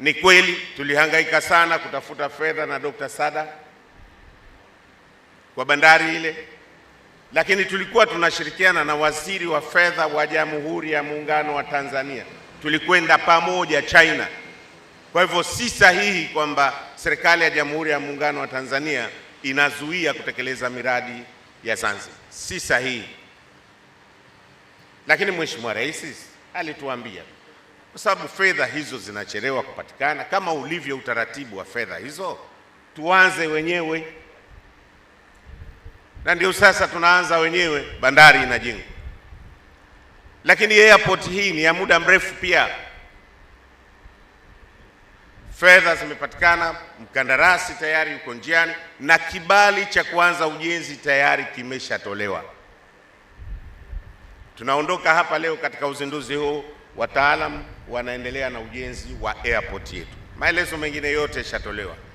Ni kweli tulihangaika sana kutafuta fedha na Dr. Sada kwa bandari ile, lakini tulikuwa tunashirikiana na waziri wa fedha wa Jamhuri ya Muungano wa Tanzania, tulikwenda pamoja China. Kwa hivyo si sahihi kwamba serikali ya Jamhuri ya Muungano wa Tanzania inazuia kutekeleza miradi ya Zanzibar, si sahihi. Lakini Mheshimiwa Rais alituambia kwa sababu fedha hizo zinachelewa kupatikana. Kama ulivyo utaratibu wa fedha hizo, tuanze wenyewe, na ndio sasa tunaanza wenyewe. Bandari inajengwa, lakini airport hii ni ya muda mrefu pia. Fedha zimepatikana, mkandarasi tayari yuko njiani, na kibali cha kuanza ujenzi tayari kimeshatolewa. Tunaondoka hapa leo katika uzinduzi huu wataalam wanaendelea na ujenzi wa airport yetu. Maelezo mengine yote yashatolewa.